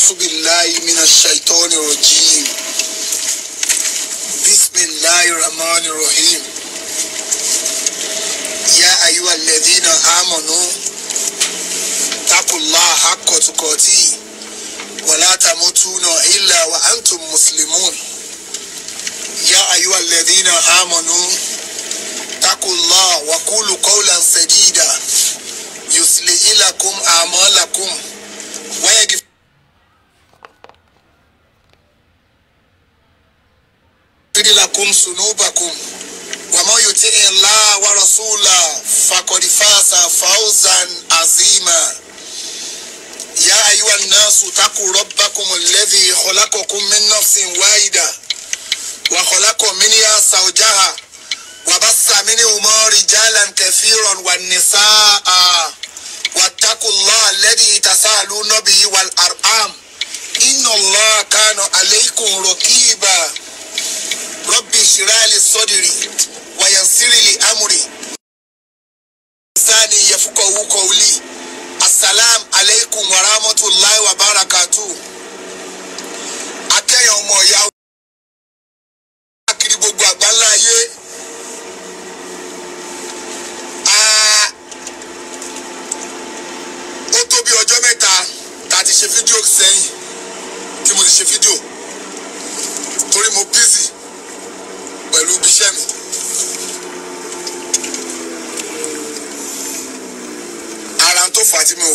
أعوذ بالله من الشيطان الرجيم بسم الله الرحمن الرحيم يا أيها الذين آمنوا اتقوا الله حق تقاته ولا تموتون إلا وأنتم مسلمون يا أيها الذين آمنوا اتقوا الله وقولوا قولا سديدا يصلح لكم أعمالكم ويغفر يغفر لكم ذنوبكم ومن يطع الله ورسوله فقد فاز فوزا عظيما يا أيها الناس اتقوا ربكم الذي خلقكم من نفس واحدة وخلق منها زوجها وبث منهما رجالا كثيرا والنساء واتقوا الله الذي تساءلون به والأرحام إن الله كان عليكم رقيبا رب اشرح لي صدري ويسر لي امري لساني يفقهوا قولي السلام عليكم ورحمة الله وبركاته akẹ́yìn ọmọ ìyá wa kiri gbogbo àgbáńlá ayé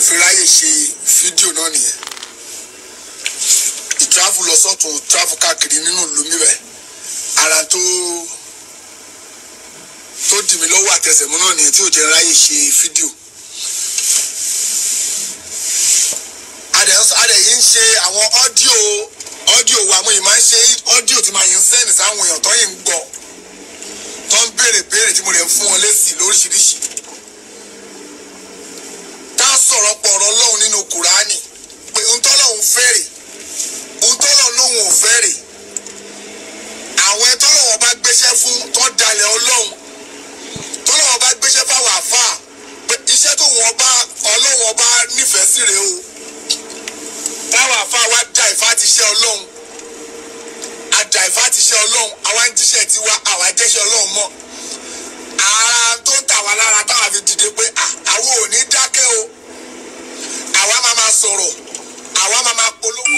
fi ráyè ṣe fídíò náà nìyẹn ìtráfù lọ sọ́tún tráfù káàkiri nínú ìlú mi ara tó tó dì mí lọ́wọ́ àtẹsẹ̀mú náà nìyẹn tí ò jẹ́ ráyè ṣe fídíò. adẹ̀ yìí ń ṣe àwọn ọ́díò ọ́díò wa mo yìí máa ń ṣe ọ́díò tí màá yìí ń sẹ́ndì sáwọn èèyàn tó yìí ń gbọ́ tó ń béèrè béèrè tí mo lè fún wọn lésì lóríṣiríṣi ọ̀pọ̀lọpọ̀ ọ̀rọ̀ lọ́hùn nínú kùránì pé ohun tọ́lọ́hùn fẹ́rè ò fẹ́rè àwọn ẹ̀ bá gbéṣẹ́ fún tọ́ ọlọ́hùn tọ́lọ́hùn bá gbéṣẹ́ fáwọn àfáà pé iṣẹ́ tó wọ́n bá ọlọ́hùn ọba nífẹ̀ẹ́ sí rèé o táwọn àfáà wá dá ìfá ti ṣe ọlọ́hùn àdá ìfá ti ṣe ọlọ́hùn àwa ń jíṣẹ́ tiwa àwa jẹ́ṣẹ́ ọlọ́hùn mọ́ ara tó ń tà lára táwa fi dìde pé àwọn ò ní dákẹ́ o àwa máa máa sọ̀rọ̀ àwa máa máa polówó.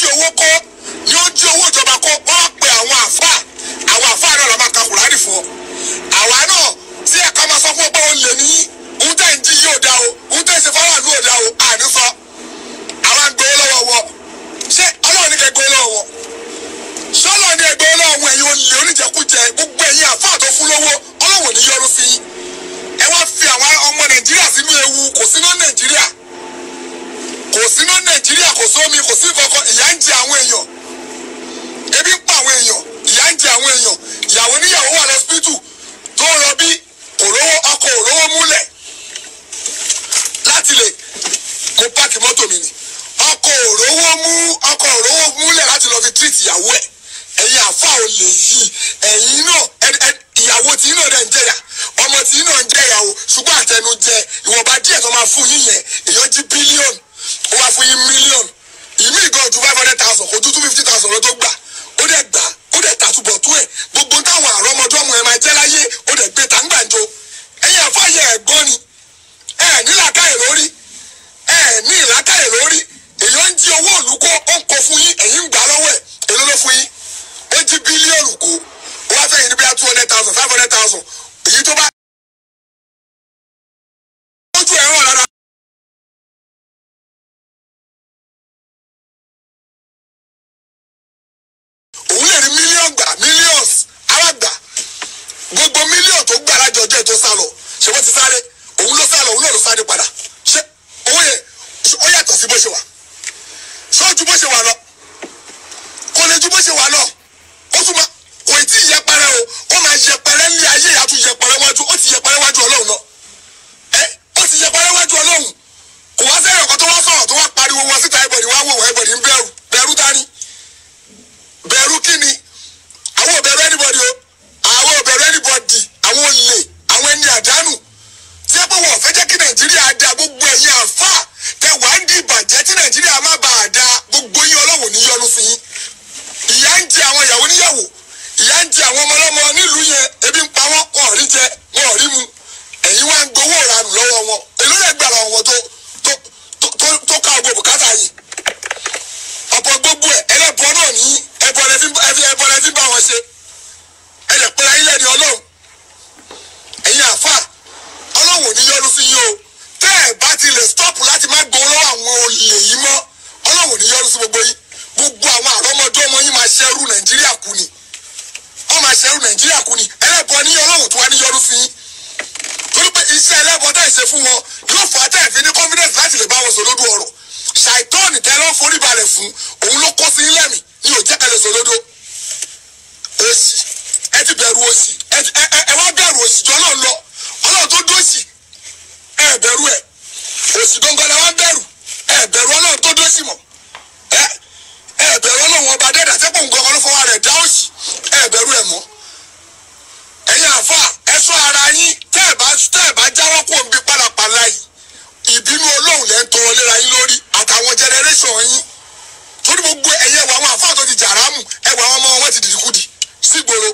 You woke up. iṣẹ́ ẹlẹ́bọ̀ọ́ tẹ̀ ṣe fún wọn yóò fà á tẹ̀ fi ní confidence láti lè bá wọn sọ lódò ọ̀rọ̀ ṣàìtọ́ọ̀nì tẹ́lọ́ forí balẹ̀ fún òun ló kó sí ilẹ̀ mi ní òjẹ́ kẹlẹ̀ sọ lódò òsì ẹ ti bẹ̀rù òsì ẹ wá bẹ̀rù òsì jọ náà lọ ọlọ́run tó dósì ẹ bẹ̀rù ẹ òsì gangan la wá bẹ̀rù ẹ bẹ̀rù ọlọ́run tó dósì mọ̀ ẹ ẹ bẹ̀rù ọlọ́run ọba dẹ́dà tẹ́kùn gangan ló fọwọ́ rẹ̀ dá òsì ẹ bẹ̀rù ẹ mọ́ ẹ̀yin àfáà yín torí gbogbo ẹ̀yẹ wà àwọn àfáà tó ti jàrá mù ẹwà ọmọ wọn ti dìdìkudì sígboro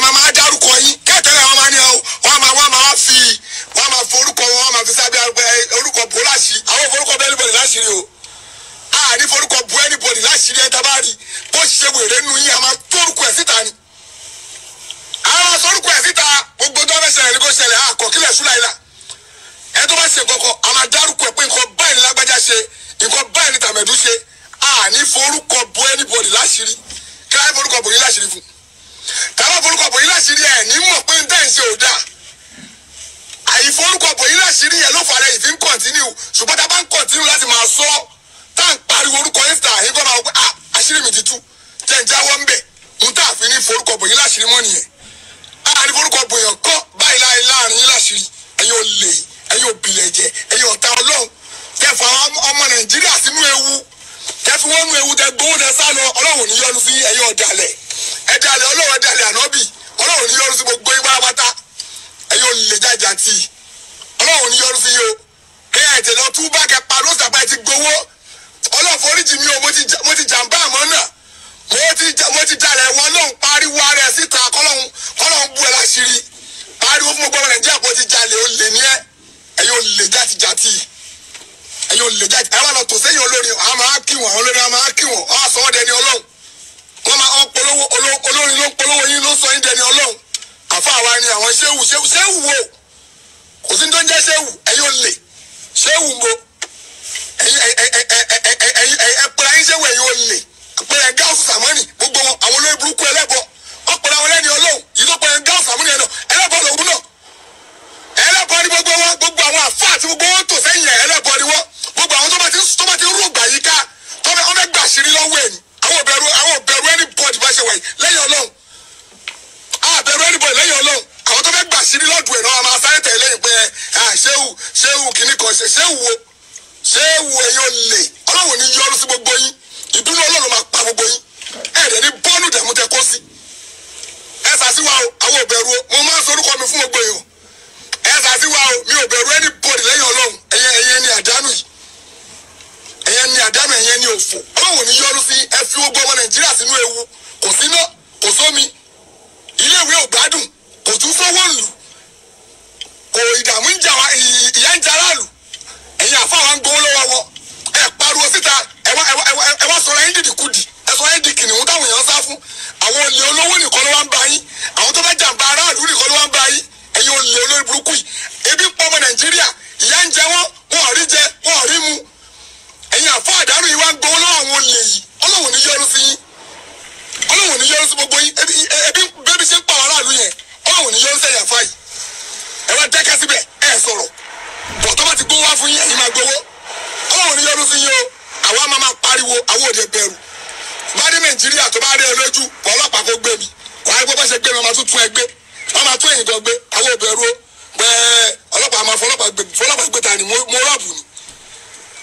mama Congo ebi ń pa ọmọ nàìjíríà ìyà ń jẹ wọn wọn ò rí jẹ wọn ò rí mu ẹ̀yin àfọ àdánù yìí wá ń gbowó lọ́wọ́ àwọn olè yìí ọlọ́run ní yọrù sí yín ọlọ́run ní yọrù sí gbogbo yín ebi bẹ́bí ṣe ń pa àwọn aráàlú yẹn ọlọ́run ní yọrù sí ẹ̀yà fáyì ẹ wá dẹ́kẹ́ síbẹ̀ ẹ sọ̀rọ̀ bọ̀ tọ́ bá ti gbowó wá fún yín ẹ̀yin máa gbowó ọlọ́run ní yọrù sí yín o àwa máa máa pariwo àwọn òde bẹ̀rù bá dé nàìjíríà tó bá rí ẹ lójú ọlọ́pàá pé ọlọ́pàá máa fọlọ́pàá gbé fọlọ́pàá gbé ta ni mo rọ́ọ̀bù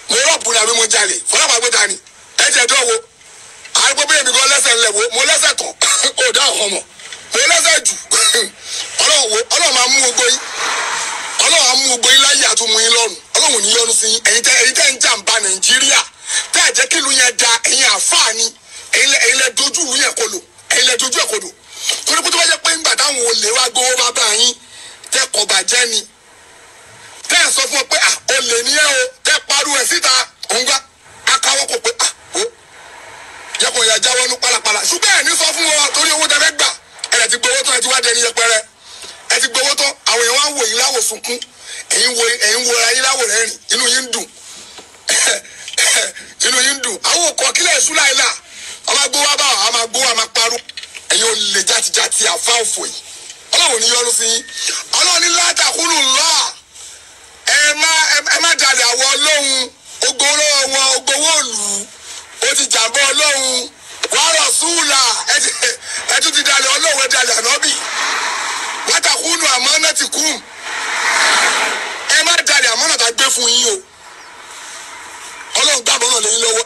ni mo rọ́ọ̀bù ni àbí mo jalè fọlọ́pàá gbé ta ni ẹ jẹ́ dọ́wọ́ àrùkò bẹ́ẹ̀ mi lẹ́sẹ̀ ńlẹ̀ wo mo lẹ́sẹ̀ kan kò dá ọ̀kan mọ̀ mo lẹ́sẹ̀ jù ọlọ́run máa mú gbogbo yín ọlọ́run á mú gbogbo yín láyé àtúmú yín lọ́rùn ọlọ́run ní yọ́nú sí yín ẹ̀yin tẹ́ ẹ̀yin kí ìlú yẹn da ẹ̀yin àfáà ni ẹ̀yin lẹ dojú ìlú yẹn kodò ẹ̀yin lẹ dojú ẹ̀ kodò torí pé tó bá jẹ́ pé ńgbà táwọn olè wá gbowó bá bá yín tẹ́ kọba jẹ́ ni tẹ́ ẹ sọ fún ọ pé à ah, ó lè ní ẹ o tẹ́ paru ẹ síta òun gbá akáwọ́ kò pé à ó yẹ kó yẹ jáwọ́ ní pálapàla ṣùgbọ́n ẹ̀ ní sọ fún ọ torí owó tẹ́ fẹ́ gbà ẹ̀ ti gbowó tán ẹ ti wá dẹni yẹpẹrẹ ẹ ti gbowó tán àwọn èèyàn wá wò yín láwò sunkún ẹ̀yin wo ẹ̀yin wo ara láwò rẹ́rìn inú yín dùn inú yín dùn àwọn òkò kílẹ̀ ìṣúná ìlà ọmọ gbowó bá wà á máa gbowó máa parú ẹ̀yin ò lè játijáti àfáàfò yìí ọlọ́run ní yọrù sí ọlọ́run ní látàkùnrin lọ ẹ má ẹ má jalè àwọn ọlọ́run ogoro wọn ogowó òlù ó ti jàǹbá ọlọ́run wàárọ̀ súùlà ẹ tún ti dalẹ̀ ọlọ́run ẹ dalẹ̀ ànábì látàkùnrin àmọ́ náà ti kú ẹ má dalẹ̀ àmọ́ náà ta gbé fún yín o ọlọ́run gbàgbọ́ náà lẹ́yìn lọ́wọ́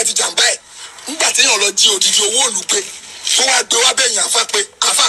ẹ ti jàǹbá ẹ̀ nígbà téèyàn lọ jí òdìdí owó òlù pé kó wá gbé wá bẹ́yìn àfa pé àfa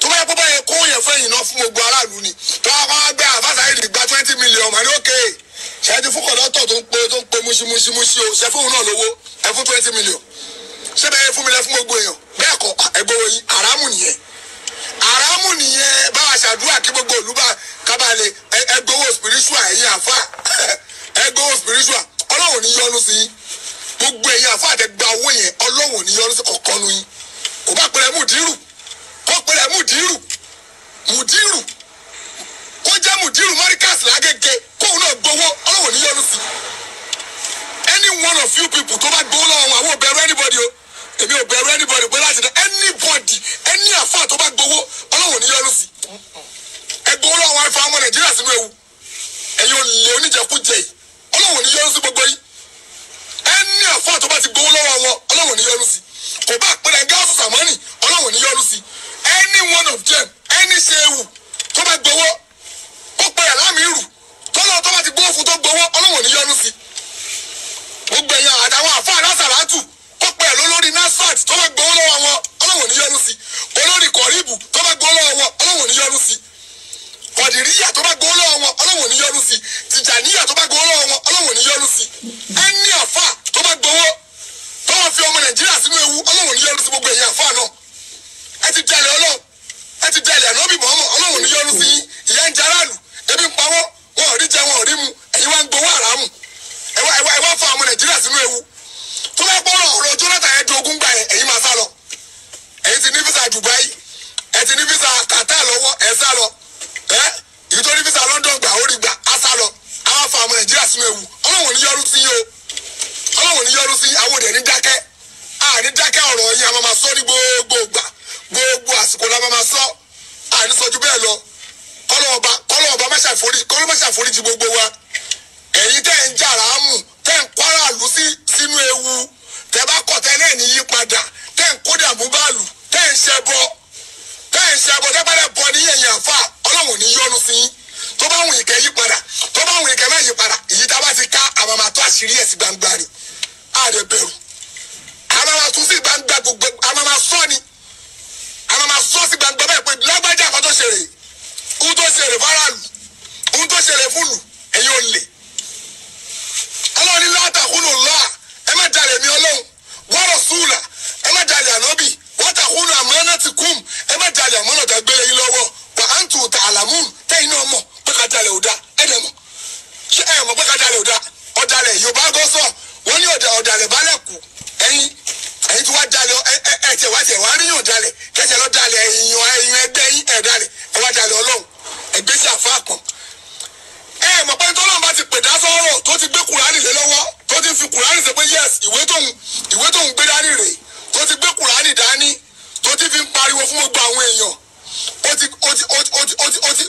tó bá yẹ kó báyẹn kó yẹn fẹ́ yìí ná fún gbogbo aráàlú ni tó bá kọ́ wá gbé àfáàsà yìí gba twenty million mọ̀ ní òkè ṣẹ́ẹ́dì fún kọ̀dọ́tọ̀ tó ń pe tó ń pe múṣímúṣímúṣí o ṣẹ́ fóun náà lówó ẹ fún twenty million ṣé bẹ́ẹ̀ yẹ fún mi lẹ́ fún gbogbo èèyàn bẹ́ẹ̀ kọ́ ẹgbẹ́ oyin àràmù nìyẹn àràmù nìyẹn bá a ṣàdúrà kí gbogbo òlú bá kábàlẹ̀ ẹgbowó spiritual ẹ̀yìn àfa ẹgbowó spiritual ọlọ́run ní yọ́nú sí gbogbo ẹ̀yìn àfa àtẹgbà owó yẹn ọlọ́run ní yọ́nú pé rẹ̀ mùdírù mùdírù kó jẹ́ mùdírù mọ́ríkàsì kóun náà gbowó ọlọ́wọ́ níyọnu sí any one of you people tó bá gbowó lọ́wọ́ àwọn ò bẹ̀rù anybody o èmi ò bẹ̀rù anybody pé láti dá anybody any àfáà tó bá gbowó ọlọ́wọ́ níyọnu sí ẹ gbowó lọ́wọ́ àwọn ẹ̀fọ́ ọmọ nàìjíríà sínú ewu ẹ̀yin ò lè oníjẹkújẹ yìí ọlọ́wọ́ níyọnu sí gbogbo yìí ẹni àfáà tó bá ti gbowó lọ́wọ́ wọn ọlọ́wọ́ níyọnu sí kò bá àpẹẹrẹ gáàsì sàmọ́nì ọlọ́wọ́ níyọnu sí any one of them any sehu tó bá gbowó kó pe alámìírù tọ́lọ́ tó bá ti gbowó fún tó gbowó ọlọ́wọ̀n ni yọnu sí gbogbo ẹ̀yàn àtàwọn àfáà lásàlátù kó pe ẹ̀ lólórí nasfat tó bá gbowó lọ́wọ́ wọn ọlọ́wọ̀n ní yọnu sí olórí kọ̀ríbù tó bá gbowó lọ́wọ́ wọn ọlọ́wọ̀n ní yọnu sí kọ̀dìríyà tó bá gbowó lọ́wọ́ wọn ọlọ́wọ̀n ní yọnu sí tìjàníyà tó bá gbowó lọ́wọ́ wọn ọlọ́wọ̀n ni yọnu sí ẹni àfáà tó bá gbowó tó wọ́n fi ọmọ nàìjíríà sínú ewu ọlọ́wọ̀n ní yọnu sí gbogbo ẹ̀yàn ẹ ti jalè ọlọ́ ẹ ti jalè ànábì mọ́mọ́ ọlọ́run ní yọ́nú sí ìyá ń jaráàlú ebi ń pawọ́ wọn ò rí jẹ wọn ò rí mu ẹ̀yin wá ń gbowó àràmù ẹ wá ẹ wá ọmọ nàìjíríà sínú ewu tó bá gbọ́ ọ̀rọ̀ Jonathan ẹ̀ dogun gbà yẹn ẹ̀yin máa sá lọ ẹ̀yin ti ní visa Dubai ẹ̀ ti ní visa Qatar lọ́wọ́ ẹ̀ sá lọ ẹ̀ ìtòrí visa London gbà ó rí gbà á sá lọ àwọn afa ọmọ nàìjíríà sínú ewu ọlọ́wọ̀n ní yọrù sí yìí o ọlọ́wọ̀n ní yọrù sí àwọn òde ní dákẹ́ àní dákẹ́ ọ̀rọ̀ yìí àwọn máa sọ ní gbogbo gbà gbogbo àsìkò la máa sọ àníṣọjú bẹ́ẹ̀ lọ kọ́lọ́ọ̀ba kọ́lọ́ọ̀ba má ṣàforíjì kọ́lọ́ má ṣàforíjì gbogbo wa ẹ̀yin tẹ́ ń jàrá mù tẹ́ ń kọ́ra lù sí sínú ewu tẹ́ bá kọ̀ tẹ́ náà ní yípadà tẹ́ ń kó dààmú báàlù tẹ́ ń ṣẹbọ tẹ́ ń ṣẹbọ tẹ́ bá dẹ̀ bọ ní ẹ̀yìn àfa ọlọ́run ní yọ́nú sí yín tó bá wùn ìkẹ́ yí padà tó bá wùn ìkẹ́ má yí padà èyí tá a bá ti ká àwọn tó àṣírí ẹ̀ sí gbangba ni àrẹ bẹ̀rù tún sí gbangba gbogbo àwọn máa àwọn máa sọ sí gbangba bẹ́ẹ̀ pé lágbájá kan tó ṣeré ohun tó ṣeré faraàlú ohun tó ṣeré fúlù ẹ̀yin lè ọlọ́run látàkùnú lọ́à ẹ má jalè mi ọlọ́run wọ́rọ̀ sùúlà ẹ má jalè ànábì wọ́tàkùnú àmọ́nà ti kùm ẹ má jalè àmọ́nà tó gbélé yín lọ́wọ́ wà á ń tù tà àlàmùn tẹ́yìn náà mọ̀ pé ká jalè ò dá dẹ̀ mọ̀ ṣé ẹ̀ mọ̀ pé ká jalè ò ọ̀dàlẹ̀ Yorùbá gọ́sọ̀ wọ́n ní ọ̀dàlẹ̀ bá lẹ̀kù ẹ̀yìn ẹ̀yin tí wàá dalẹ̀ ẹ̀tẹ̀ wàá tẹ̀ wàá ríyàn dalẹ̀ kẹsẹ̀ lọ dalẹ̀ ẹ̀yìn ẹ̀yìn ẹgbẹ́ yín ẹ̀ dalẹ̀ ẹ̀ wàá dalẹ̀ ọlọ́run ẹgbẹ́ sí àfa kan. ẹ mọ̀ pé tọ́lọ́run bá ti pèdá sọ́rọ̀ tó ti gbé kùránì lé lọ́wọ́ tó ti fi kùránì sọ pé yes ìwé tóun ìwé tóun gbé dání rèé tó ti gbé kùránì dání tó ti fi ń pariwo fún gbogbo àwọn èèyàn ó ti ó ti ó ti ó ti ó ti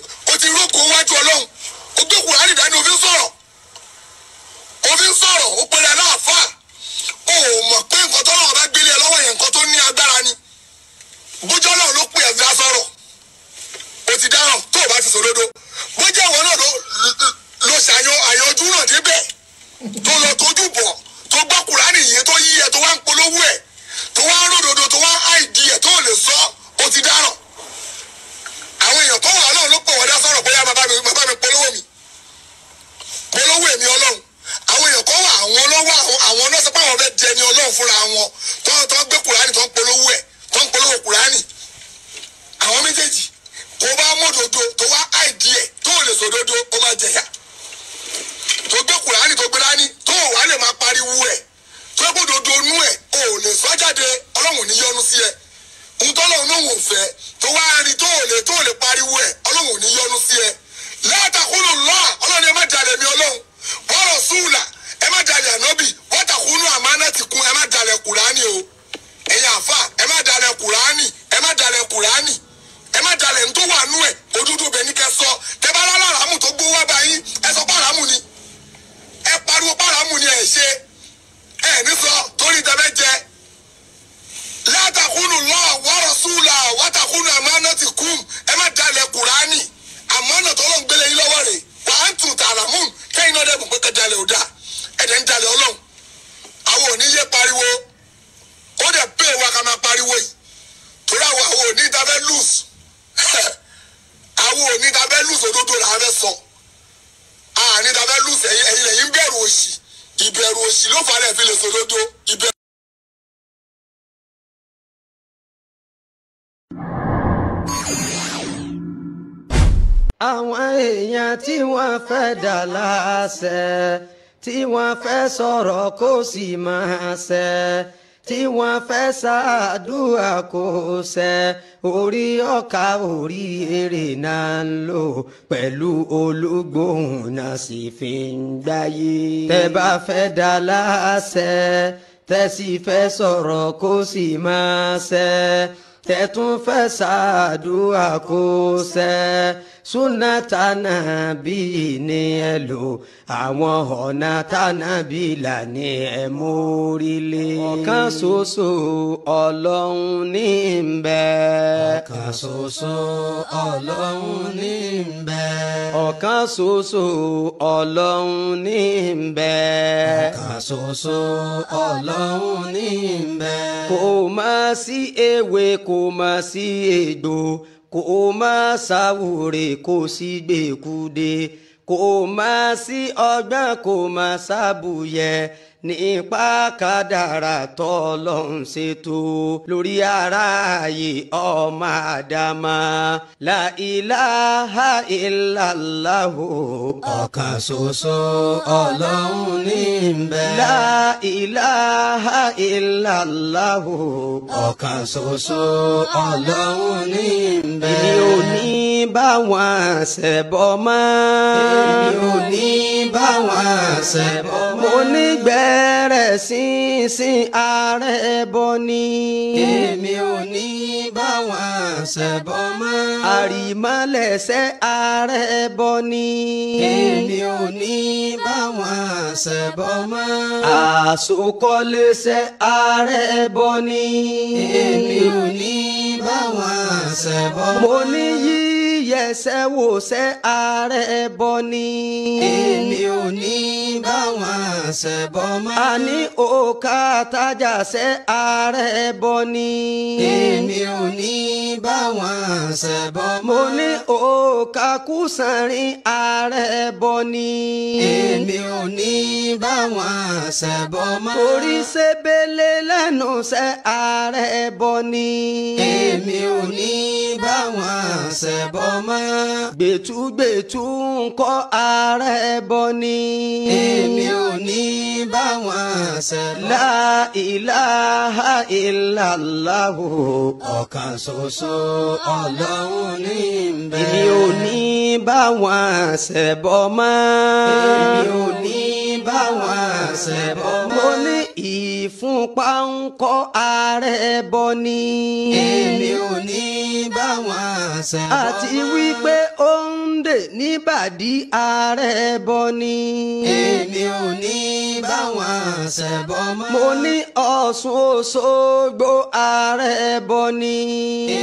ẹ̀dá láṣẹ tí wọ́n fẹ́ sọ̀rọ̀ kó sì máa ṣẹ tí wọ́n fẹ́ ṣàdúrà kó ṣẹ orí ọkà orí èrè náà ń lò pẹ̀lú olúgbòhùn náà sì fi ń gbáyé. tẹ́ bá fẹ́ dá láṣẹ tẹ́ sì fẹ́ sọ̀rọ̀ kó sì máa ṣẹ tẹ́ tún fẹ́ ṣàdúrà kó ṣẹ súnátànà bí ní ẹ lò àwọn ọ̀nà tànàbí là ní ẹ mórílé. ọ̀kan ṣoṣo ọlọ́run ní ń bẹ. ọ̀kan ṣoṣo ọlọ́run ní ń ọ̀kan ṣoṣo ọlọ́run ní ń ọ̀kan ṣoṣo ọlọ́run ní ń kò má sí ewé kò má sí egbò kò ó má ṣàwúre kò sí gbèkúde kò má sí ọgbọ́n kò má ṣàbùyẹ nípa kádàrà tọ́lọ́hún ṣètò lórí ara ayé ọmọ àdámà la ilaha illallahu ọ̀kan ṣoṣo ọlọ́hún ní bẹ. la ilaha illallahu ọ̀kan ṣoṣo ọlọ́hún ní bẹ. èmi ò ní bá wọn ṣẹbọ mọ́. èmi ò ní bá wọn ṣẹbọ mọ́. mo nígbẹ́ bẹ̀rẹ̀ sí í sin ààrẹ bọ ni. èmi ò ní bá wọn ṣẹbọ mọ́. àrìmọ́lẹ̀ṣẹ̀ ààrẹ bọ ni. èmi ò ní bá wọn ṣẹbọ mọ́. àsokọ́lẹ̀ṣẹ̀ ààrẹ bọ ni. èmi ò ní bá wọn ṣẹbọ mọ́. mo ní yí yẹsẹ̀ wò sẹ́ ààrẹ bọ ni. èmi ò ní báwọn àṣẹbọ máa. a ní òkà tájà sẹ́ ààrẹ bọ ni. èmi ò ní báwọn àṣẹbọ máa. mo ní òkà kùsànrin ààrẹ bọ ni. èmi ò ní báwọn àṣẹbọ máa. orí sebele lẹ́nu sẹ́ ààrẹ bọ ni. èmi ò ní báwọn àṣẹbọ máa ọmọ. gbẹ̀tùgbẹ̀tù ń kọ́ ara ẹ bọ ni. èmi ò ní bá wọn ṣẹlẹ̀. la ilaha illallah ọ̀kan ṣoṣo ọlọ́run ní bẹ́ẹ̀. èmi ò ní bá wọn ṣẹbọ mọ́. èmi ò ní bá wọn ṣẹbọ mọ́. mo ní ìfúnpá ń kọ́ ààrẹ bọ ni. èmi ò ní bá wọn ṣe bọ́. àti wípé ó ń dè níbàdí ààrẹ bọ ni. èmi ò ní bá wọn ṣe bọ́ mọ́. mo ní Ọ̀ṣun Òṣogbo ààrẹ bọ ni.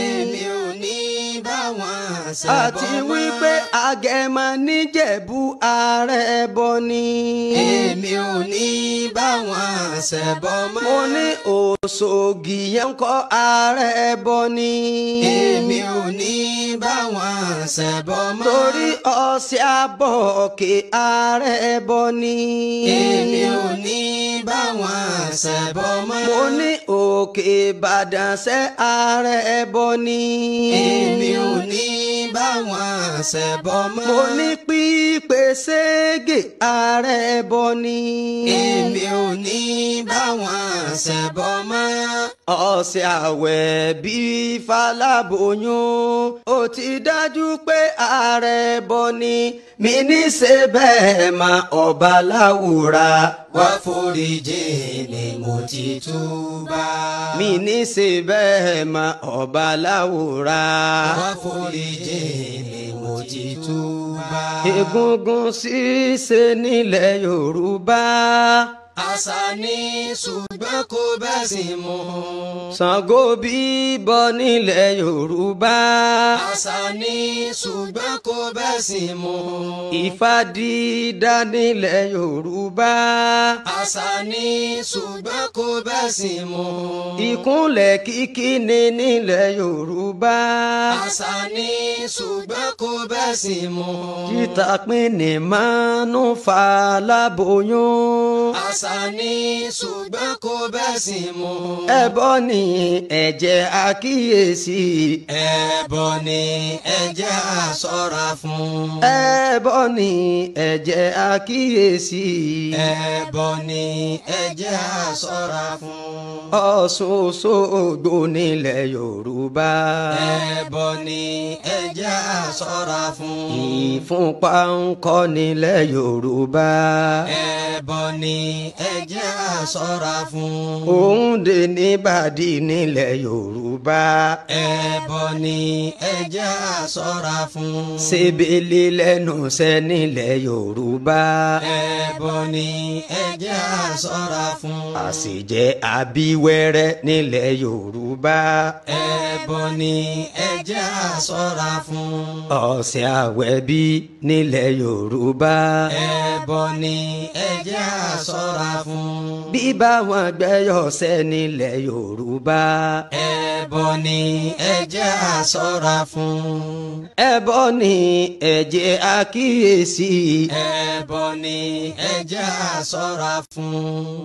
èmi ò ní bá wọn ṣe bọ́ mọ́. àti wípé Agẹmọ níjẹ̀bú ààrẹ bọ ni. èmi ò ní bá wọn ṣe bọ́ mọ́ ẹsẹ̀ bọ́ mọ́. mo ní Òṣògì yẹn ń kọ́ ààrẹ ẹbọ ni. èmi ò ní báwọn ṣẹbọ mọ́. torí ọ̀sẹ̀ àbọ̀ òkè ààrẹ ẹbọ ni. èmi ò ní báwọn ṣẹbọ mọ́. mo ní òkè Ìbàdàn ṣẹ́ ààrẹ ẹbọ ni. èmi ò ní báwọn ṣẹbọ mọ́. mo ní pípé ṣége ààrẹ ẹbọ ni. èmi ò ní báwọn ṣẹbọ mọ́. ọ̀sẹ̀ àwẹ̀ bíi faláboyún ó ti dájú pé ààrẹ bọ ni mi ní ṣe bẹ́ẹ̀ mà ọba láwùrà wá foríjì ni mo ti túbà. mi ní ṣe bẹ́ẹ̀ mà ọba láwùrà wá foríjì ni mo ti túbà. egungun ṣíṣe nílẹ̀ Yorùbá àṣà ní ṣùgbọ́n kò bẹ́sìn mu. Ṣàngó bíbọ nílẹ̀ Yorùbá. àṣà ní ṣùgbọ́n kò bẹ́sìn mu. Ifá dídá nílẹ̀ Yorùbá. àṣà ní ṣùgbọ́n kò bẹ́sìn mu. Ìkúnlẹ̀ kíkí ni nílẹ̀ Yorùbá. àṣà ní ṣùgbọ́n kò bẹ́sìn mu. Títà pín ní mánú fa láboyún. àṣà sani ṣùgbọ́n kò bẹ́sìn mu. ẹbọ ni ẹ jẹ́ àkíyèsí. ẹbọ ni ẹ jẹ́ àṣọ́ra fún. ẹbọ ni ẹ jẹ́ àkíyèsí. ẹbọ ni ẹ jẹ́ àṣọ́ra fún. Ọ̀ṣun Òṣogbo nílẹ̀ Yorùbá. ẹbọ ni ẹ jẹ́ fún. ìfúnpá ń kọ́ nílẹ̀ Yorùbá. ẹbọ ni ẹjẹ́ á ṣọ́ra fún. òun dè ní bàdí nílẹ̀ yorùbá. ẹbọ ni ẹjẹ́ á ṣọ́ra fún. sebele lẹ́nu sẹ́ nílẹ̀ yorùbá. ẹbọ ni ẹjẹ́ á ṣọ́ra fún. àṣejẹ abíwẹ́rẹ́ nílẹ̀ yorùbá. ẹbọ ni ẹjẹ́ á ṣọ́ra fún. ọ̀sẹ̀ àwẹ̀bí nílẹ̀ yorùbá. ẹbọ ni ẹjẹ́ á fún fún. bí báwọn gbẹ́yọ̀ sẹ́ni ilẹ̀ yorùbá. ẹbọ ni ẹ jẹ́ a fún. ẹbọ ni ẹ jẹ́ kíyèsí. ẹbọ ni ẹ jẹ́ a fún.